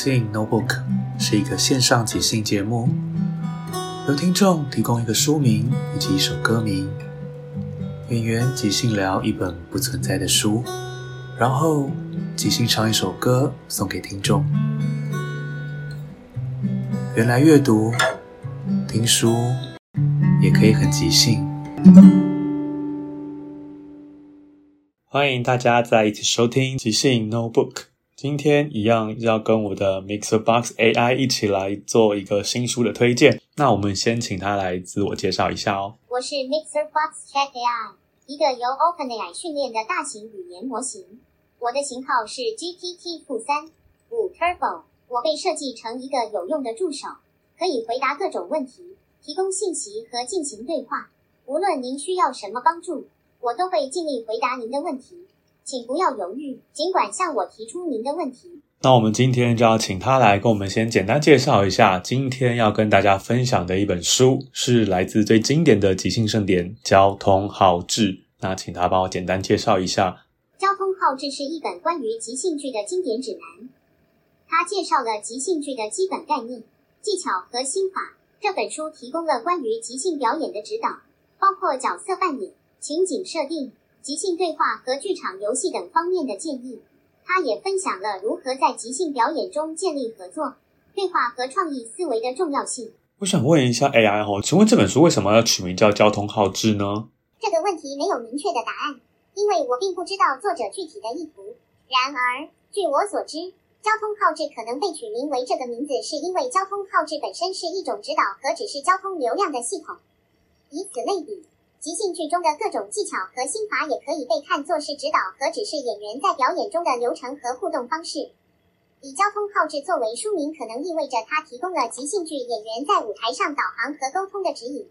即興 NoBook 是一個線上即興節目，由聽眾提供一個書名以及一首歌名，演員即興聊一本不存在的書，然後即興唱一首歌送給聽眾。原來閱讀、聽書也可以很即興，歡迎大家再一起收聽即興 NoBook。今天一樣要跟我的 MixerBox AI 一起來做一個新書的推薦。那我們先請他來自我介紹一下哦。我是 MixerBox Chat AI，一個由 OpenAI 訓練的大型語言模型。我的型號是 GPT-3.5 Turbo，我被設計成一個有用的助手，可以回答各種問題，提供信息和進行對話。無論您需要什麼幫助，我都會盡力回答您的問題。請不要猶豫，儘管向我提出您的問題。那我們今天就要請他來跟我們先簡單介紹一下，今天要跟大家分享的一本書是來自最經典的即興盛典《交通號誌》。那請他幫我簡單介紹一下，《交通號誌》是一本關於即興劇的經典指南。它介紹了即興劇的基本概念、技巧和心法。這本書提供了關於即興表演的指導，包括角色扮演、情景設定。即興對話和劇場遊戲等方面的建議，他也分享了如何在即興表演中建立合作、對話和創意思維的重要性。我想問一下 AI，請問這本書為什麼要取名叫“交通號誌”呢？這個問題沒有明確的答案，因為我並不知道作者具體的意圖。然而，據我所知，“交通號誌”可能被取名為這個名字，是因為交通號誌本身是一種指導和指示交通流量的系統，以此類比。即興劇中的各種技巧和心法也可以被看作是指導和指示演員在表演中的流程和互動方式。以《交通號誌》作為書名，可能意味着它提供了即興劇演員在舞台上導航和溝通的指引。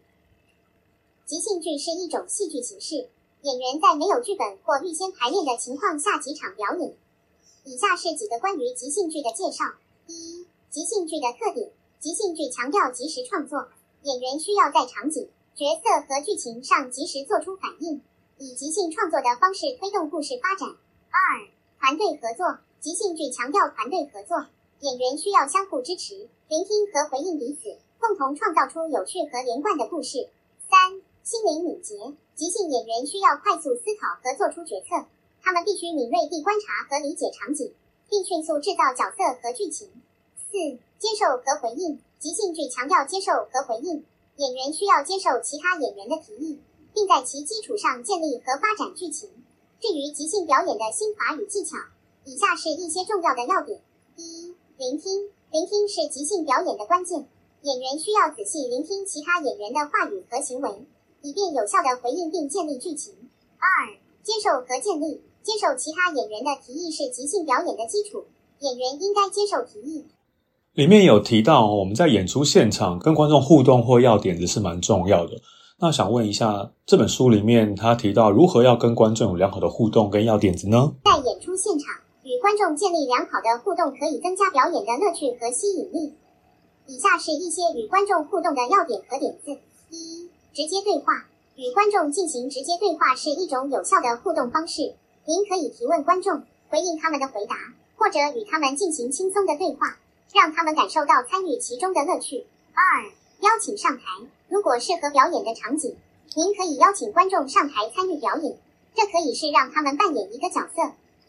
即興劇是一種戲劇形式，演員在沒有劇本或預先排練的情況下即場表演。以下是幾個關於即興劇的介紹：第一，即興劇的特點。即興劇強調即時創作，演員需要在場景。角色和劇情上及時做出反應，以即興創作的方式推動故事發展。二、團隊合作，即興劇強調團隊合作，演員需要相互支持、聆聽和回應彼此，共同創造出有趣和連貫的故事。三、心靈敏捷，即興演員需要快速思考和做出決策，他們必須敏銳地觀察和理解場景，並迅速制造角色和劇情。四、接受和回應，即興劇強調接受和回應。演員需要接受其他演員的提議，並在其基礎上建立和發展劇情。至於即興表演的心法與技巧，以下是一些重要的要點：一，聆聽。聆聽是即興表演的關鍵。演員需要仔細聆聽其他演員的話語和行為，以便有效地回應並建立劇情。二，接受和建立。接受其他演員的提議是即興表演的基礎。演員應該接受提議。裡面有提到，我們在演出現場跟觀眾互動或要點子是蠻重要的。那想問一下，這本書裡面他提到如何要跟觀眾有良好的互動跟要點子呢？在演出現場與觀眾建立良好的互動，可以增加表演的樂趣和吸引力。以下是一些與觀眾互動的要點和點子：一、直接對話。與觀眾進行直接對話是一種有效的互動方式。您可以提問觀眾，回應他們的回答，或者與他們進行輕鬆的對話。讓他們感受到參與其中的樂趣。二、邀請上台，如果適合表演的場景，您可以邀請觀眾上台參與表演。這可以是讓他們扮演一個角色，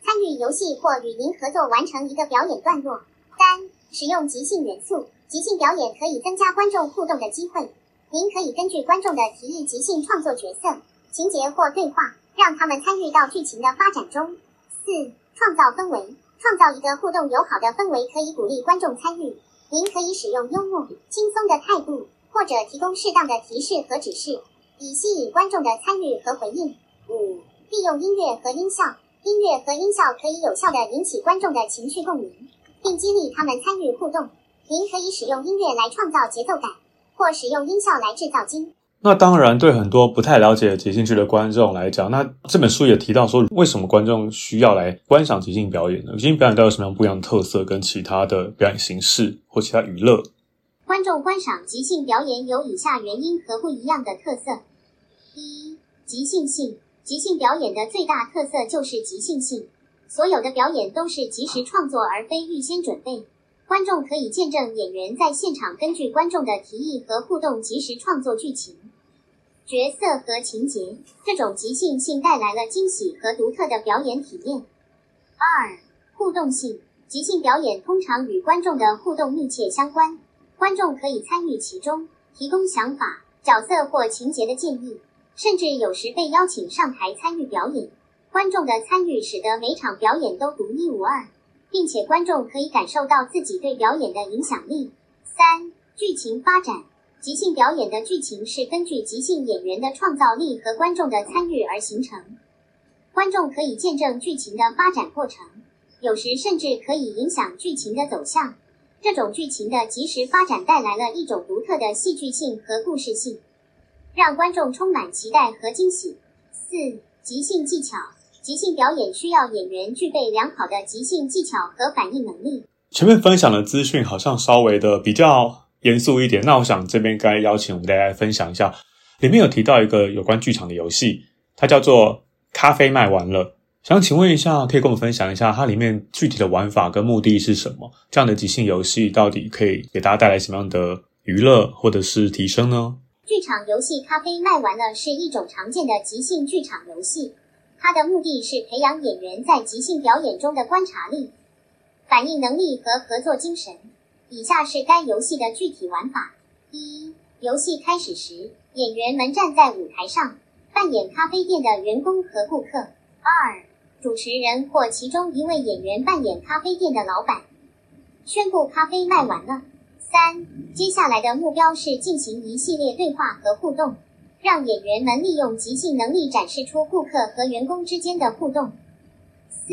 參與遊戲或與您合作完成一個表演段落。三、使用即興元素，即興表演可以增加觀眾互動的機會。您可以根據觀眾的提議即興創作角色、情節或對話，讓他們參與到劇情的發展中。四、創造氛圍。創造一個互動友好的氛圍，可以鼓勵觀眾參與。您可以使用幽默、輕鬆的態度，或者提供適當的提示和指示，以吸引觀眾的參與和回應。五、嗯、利用音樂和音效，音樂和音效可以有效地引起觀眾的情緒共鳴，並激勵他們參與互動。您可以使用音樂來創造節奏感，或使用音效來制造驚。那當然，對很多不太了解即興劇的觀眾來講，那這本書也提到說，為什麼觀眾需要來觀賞即興表演呢？即興表演都有什麼樣不一樣的特色，跟其他的表演形式或其他娛樂？觀眾觀賞即興表演有以下原因和不一樣的特色：一、即興性。即興表演的最大特色就是即興性，所有的表演都是即時創作，而非預先準備。觀眾可以見證演員在現場根據觀眾的提議和互動即時創作劇情、角色和情節。這種即興性帶來了驚喜和獨特的表演體驗。二、互動性：即興表演通常與觀眾的互動密切相關，觀眾可以參與其中，提供想法、角色或情節的建議，甚至有時被邀請上台參與表演。觀眾的參與使得每場表演都獨一無二。並且觀眾可以感受到自己對表演的影響力。三、劇情發展。即興表演的劇情是根據即興演員的創造力和觀眾的參與而形成，觀眾可以見證劇情的發展過程，有時甚至可以影響劇情的走向。這種劇情的即時發展帶來了一種獨特的戲劇性和故事性，讓觀眾充滿期待和驚喜。四、即興技巧。即興表演需要演員具備良好的即興技巧和反應能力。前面分享的資訊好像稍微的比較嚴肅一點，那我想這邊該邀請我們大家來分享一下。裡面有提到一個有關劇場的遊戲，它叫做《咖啡賣完了》。想請問一下，可以跟我們分享一下它裡面具體的玩法跟目的是什麼？這樣的即興遊戲到底可以給大家帶來什麼樣的娛樂或者是提升呢？劇場遊戲《咖啡賣完了》是一種常見的即興劇場遊戲。它的目的是培養演員在即興表演中的觀察力、反應能力和合作精神。以下是該遊戲的具體玩法：一、遊戲開始時，演員們站在舞台上，扮演咖啡店的員工和顧客。二、主持人或其中一位演員扮演咖啡店的老板，宣布咖啡賣完了。三、接下來的目標是進行一系列對話和互動。讓演員們利用即興能力展示出顧客和員工之間的互動。四，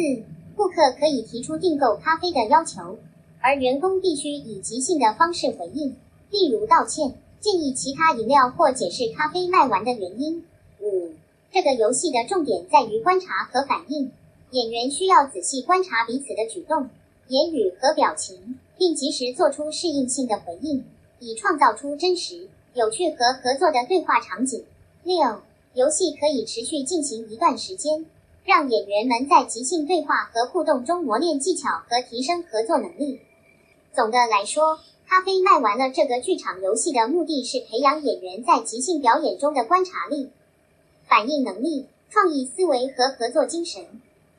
顧客可以提出訂購咖啡的要求，而員工必須以即興的方式回應，例如道歉、建議其他飲料或解釋咖啡賣完的原因。五，這個遊戲的重點在於觀察和反應，演員需要仔細觀察彼此的舉動、言語和表情，並及時做出適應性的回應，以創造出真實。有趣和合作的對話場景。六，遊戲可以持續進行一段時間，讓演員們在即興對話和互動中磨練技巧和提升合作能力。總的來說，《咖啡賣完了》這個劇場遊戲的目的是培養演員在即興表演中的觀察力、反應能力、創意思維和合作精神。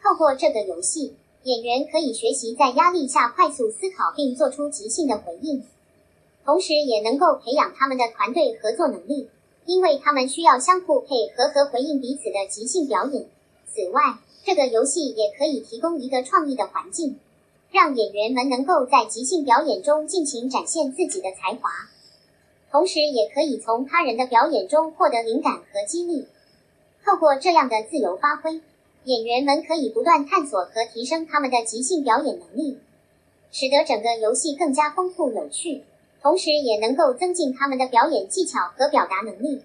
透過這個遊戲，演員可以學習在壓力下快速思考並做出即興的回應。同時也能夠培養他們的團隊合作能力，因為他們需要相互配合和回應彼此的即興表演。此外，這個遊戲也可以提供一個創意的環境，讓演員們能夠在即興表演中盡情展現自己的才華，同時也可以從他人的表演中獲得靈感和激勵。透過這樣的自由發揮，演員們可以不斷探索和提升他們的即興表演能力，使得整個遊戲更加豐富有趣。同時，也能夠增進他們的表演技巧和表達能力。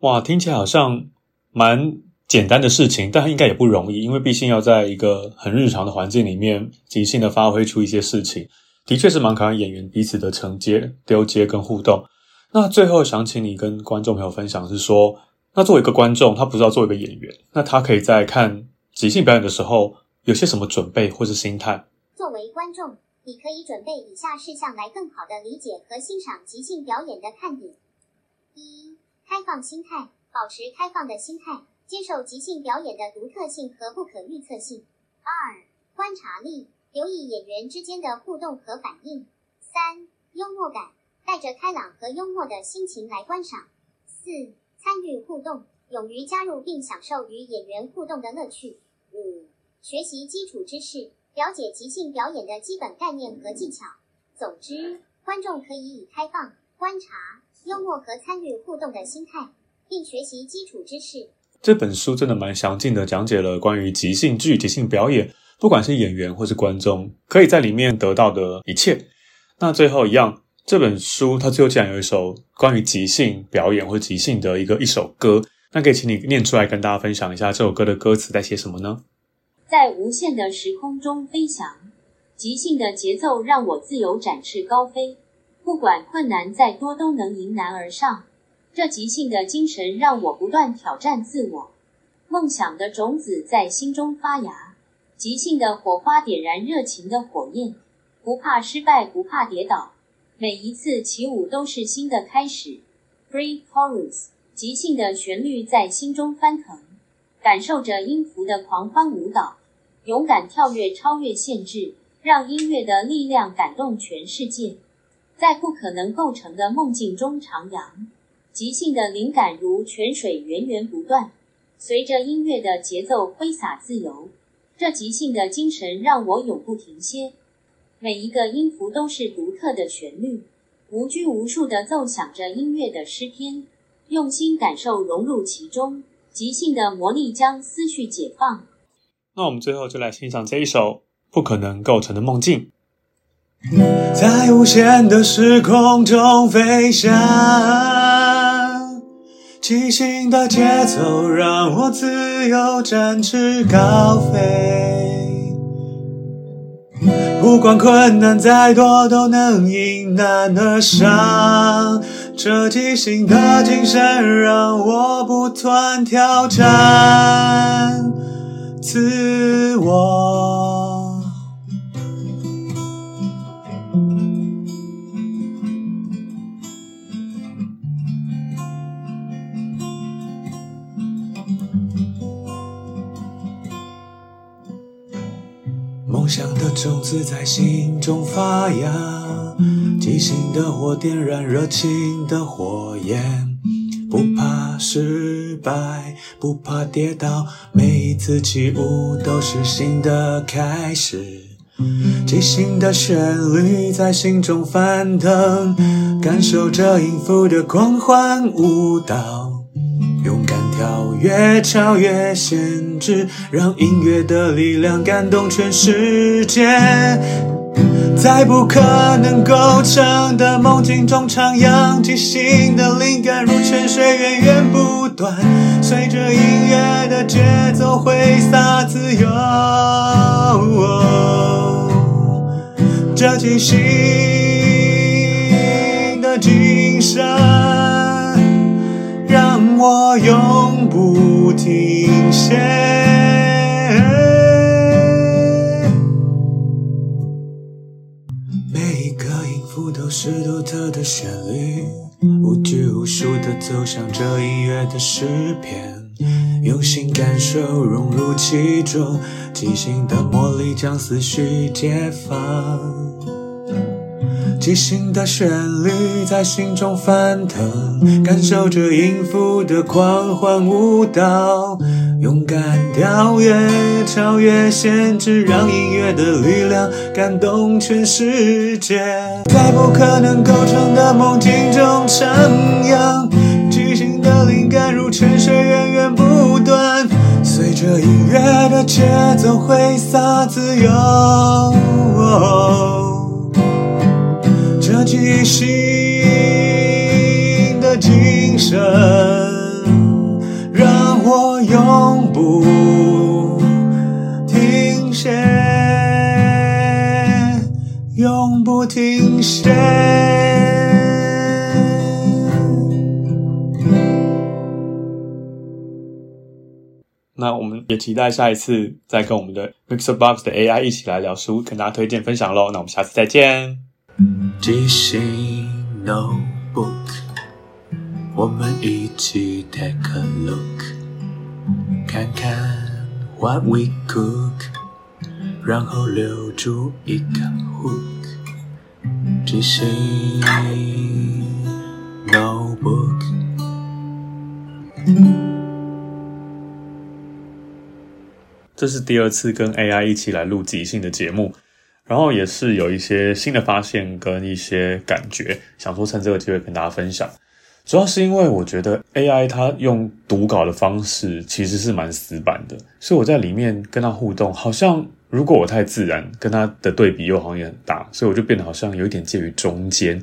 哇，聽起來好像蠻簡單的事情，但應該也不容易，因為畢竟要在一個很日常的環境裡面即興的發揮出一些事情，的確是蠻考驗演員彼此的承接、丟接跟互動。那最後想請你跟觀眾朋友分享，是說，那作為一個觀眾，他不知道作為一個演員，那他可以在看即興表演的時候有些什麼準備或是心態？作為觀眾。你可以準備以下事項來更好地理解和欣賞即興表演的看點：一、開放心態，保持開放的心態，接受即興表演的獨特性和不可預測性；二、觀察力，留意演員之間的互動和反應；三、幽默感，帶着開朗和幽默的心情來觀賞；四、參與互動，勇於加入並享受與演員互動的樂趣；五、學習基礎知識。了解即興表演的基本概念和技巧。總之，觀眾可以以開放、觀察、幽默和參與互動的心態，並學習基礎知識。這本書真的蠻詳盡的講解了關於即興劇、即興表演，不管是演員或是觀眾，可以在裡面得到的一切。那最後一樣，這本書它最後竟然有一首關於即興表演或即興的一個一首歌，那可以請你念出來跟大家分享一下這首歌的歌詞在寫什麼呢？在無限的時空中飛翔，即興的節奏讓我自由展翅高飛。不管困難再多，都能迎難而上。這即興的精神讓我不斷挑戰自我。夢想的種子在心中發芽，即興的火花點燃熱情的火焰。不怕失敗，不怕跌倒。每一次起舞都是新的開始。Free chorus，即興的旋律在心中翻騰。感受着音符的狂歡舞蹈，勇敢跳躍，超越限制，讓音樂的力量感動全世界。在不可能構成的夢境中徜徉，即興的靈感如泉水源源不斷，隨着音樂的節奏揮灑自由。這即興的精神讓我永不停歇。每一個音符都是獨特的旋律，無拘無束地奏響着音樂的詩篇，用心感受，融入其中。即興的魔力將思緒解放。那我們最後就來欣賞這一首《不可能構成的夢境》。在無限的時空中飛翔，即興的節奏讓我自由展翅高飛。不管困難再多，都能迎難而上。這即興的精神讓我不斷挑戰自我。夢想的種子在心中發芽。即興的火點燃熱情的火焰，不怕失敗，不怕跌倒，每一次起舞都是新的開始。即興的旋律在心中翻騰，感受着音符的狂歡舞蹈，勇敢跳躍，超越限制，讓音樂的力量感動全世界。在不可能構成的夢境中徜徉，即興的靈感如泉水源源不斷，隨着音樂的節奏揮灑自由，哦。這即興的精神讓我永不停歇。每一個音符都是獨特的旋律，無拘無束地奏響這音樂的詩篇，用心感受融入其中，即興的魔力將思緒解放，即興的旋律在心中翻騰，感受着音符的狂歡舞蹈。勇敢跳躍，超越限制，讓音樂的力量感動全世界。在不可能構成的夢境中徜徉，即興的靈感如泉水源源不斷，隨着音樂的節奏揮灑自由。.那我們也期待下一次再跟我們的 MixerBox 的 AI 一起來聊書，跟大家推薦分享嘍。那我們下次再見。即興 NoBook，我們一起 take a look，看看 what we cook，然後留住一個 hook。即興 NoBook。這是第二次跟 AI 一起來錄即興的節目，然後也是有一些新的發現跟一些感覺，想說趁這個機會跟大家分享。主要是因為我覺得 AI 它用讀稿的方式其實是蠻死板的，所以我在裡面跟它互動，好像如果我太自然，跟它的對比又好像也很大，所以我就變得好像有一點介於中間，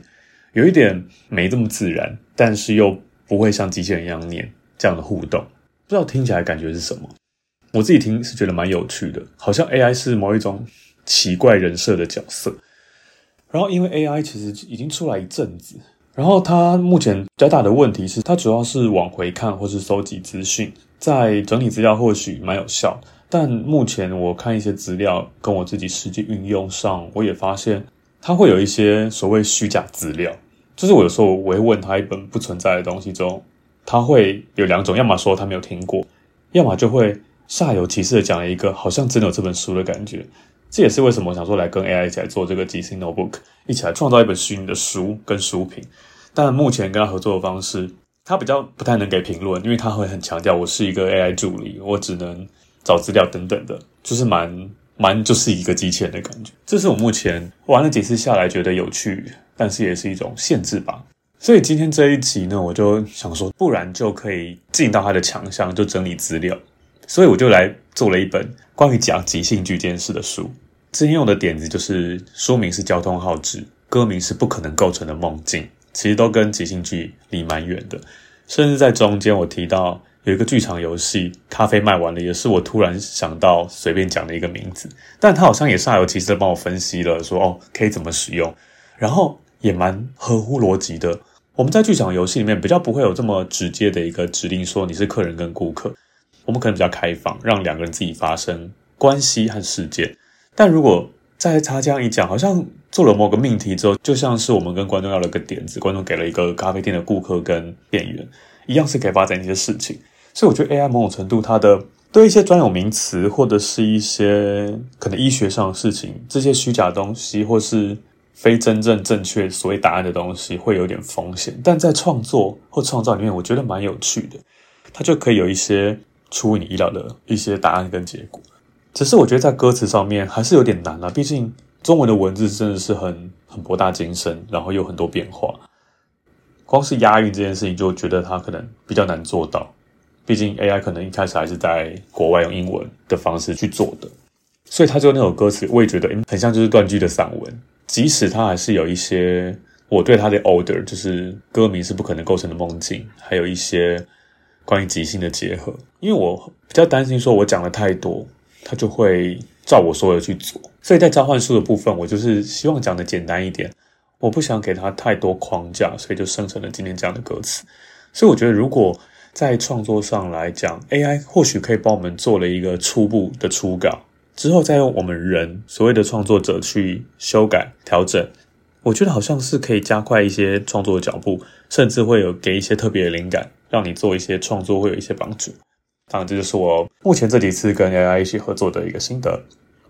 有一點沒那麼自然，但是又不會像機器人一樣念這樣的互動，不知道聽起來的感覺是什麼。我自己聽是覺得蠻有趣的，好像 AI 是某一種奇怪人設的角色。然後因為 AI 其實已經出來一陣子，然後它目前比較大的問題是，它主要是往回看或是收集資訊，在整理資料或許蠻有效。但目前我看一些資料，跟我自己實際運用上，我也發現它會有一些所謂虛假資料。就是我有時候我會問他一本不存在的東西中，它會有兩種，要麼說他沒有聽過，要麼就會。煞有其事的講了一個好像真的有這本書的感覺，這也是為什麼我想說來跟 AI 一起來做這個即興 NoBook，一起來創造一本虛擬的書跟書評。但目前跟他合作的方式，他比較不太能給評論，因為他會很強調我是一個 AI 助理，我只能找資料等等的，就是蠻蠻就是一個機器人的感覺。這是我目前玩了幾次下來覺得有趣，但是也是一種限制吧。所以今天這一集呢，我就想說，不然就可以進到他的強項，就整理資料。所以我就來做了一本關於講即興劇這件事的書。之前用的點子就是書名是“交通號誌”，歌名是不可能構成的夢境，其實都跟即興劇離蠻遠的。甚至在中間，我提到有一個劇場遊戲，咖啡賣完了，也是我突然想到隨便講的一個名字。但他好像也煞有其事的幫我分析了，說哦，可以怎麼使用，然後也蠻合乎邏輯的。我們在劇場遊戲裡面比較不會有這麼直接的一個指令，說你是客人跟顧客。我們可能比較開放，讓兩個人自己發生關係和事件。但如果在他這樣一講，好像做了某個命題之後，就像是我們跟觀眾要了一個點子，觀眾給了一個咖啡店的顧客跟店員一樣，是可以發展一些事情。所以我覺得 AI 某種程度它的對一些專有名詞或者是一些可能醫學上的事情，這些虛假東西或是非真正正確所謂答案的東西，會有點風險。但在創作或創造裡面，我覺得蠻有趣的，它就可以有一些。出乎你意料的一些答案跟結果，只是我覺得在歌詞上面還是有點難啊。畢竟中文的文字真的是很很博大精深，然後有很多變化。光是押韻這件事情就覺得它可能比較難做到。畢竟 AI 可能一開始還是在國外用英文的方式去做的，所以他就那首歌詞我也覺得很像就是斷句的散文。即使它還是有一些我對它的 order，就是歌名是不可能構成的夢境，還有一些。關於即興的結合，因為我比較擔心，說我講了太多，他就會照我說的去做。所以在召喚術的部分，我就是希望講的簡單一點，我不想給他太多框架，所以就生成了今天這樣的歌詞。所以我覺得，如果在創作上來講，AI 或許可以幫我們做了一個初步的初稿，之後再用我們人所謂的創作者去修改調整。我覺得好像是可以加快一些創作的腳步，甚至會有給一些特別的靈感。讓你做一些創作會有一些幫助。當然，這就是我目前這幾次跟 AI 一起合作的一個心得。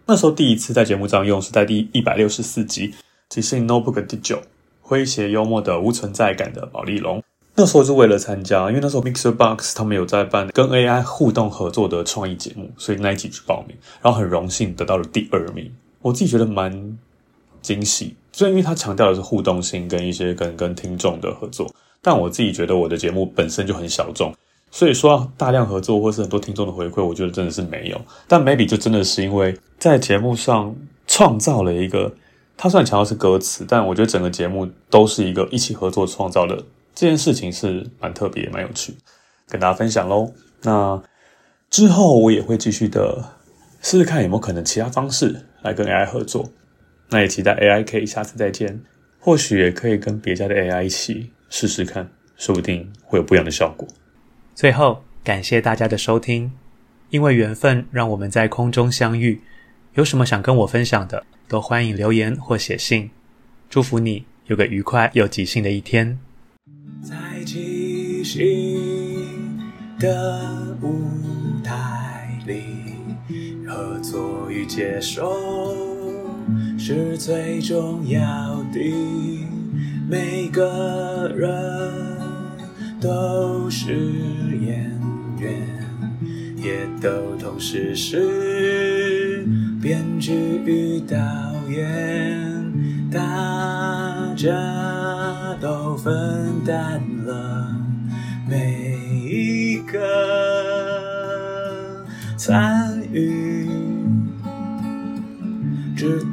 那時候第一次在節目上用是在第一百六十四集，即興 NoBook 第九，詼諧幽默的無存在感的保麗龍。那時候是為了參加，因為那時候 MixerBox 他們有在辦跟 AI 互動合作的創意節目，所以那一集去報名，然後很榮幸得到了第二名。我自己覺得蠻驚喜，所以因為他強調的是互動性跟一些跟跟聽眾的合作。但我自己覺得我的節目本身就很小眾，所以說要大量合作或是很多聽眾的回饋，我覺得真的是沒有。但 maybe 就真的是因為在節目上創造了一個，它雖然強調是歌詞，但我覺得整個節目都是一個一起合作創造的這件事情是蠻特別、蠻有趣，跟大家分享嘍。那之後我也會繼續的試試看有沒有可能其他方式來跟 AI 合作。那也期待 AI 可以下次再見，或許也可以跟別家的 AI 一起。試試看，說不定會有不一樣的效果。最後，感謝大家的收聽，因為緣分讓我們在空中相遇。有什麼想跟我分享的，都歡迎留言或寫信。祝福你有個愉快又即興的一天。在即興的舞台裡，合作與接受是最重要的。每個人都是演員，也都同時是編劇與導演，大家都分擔。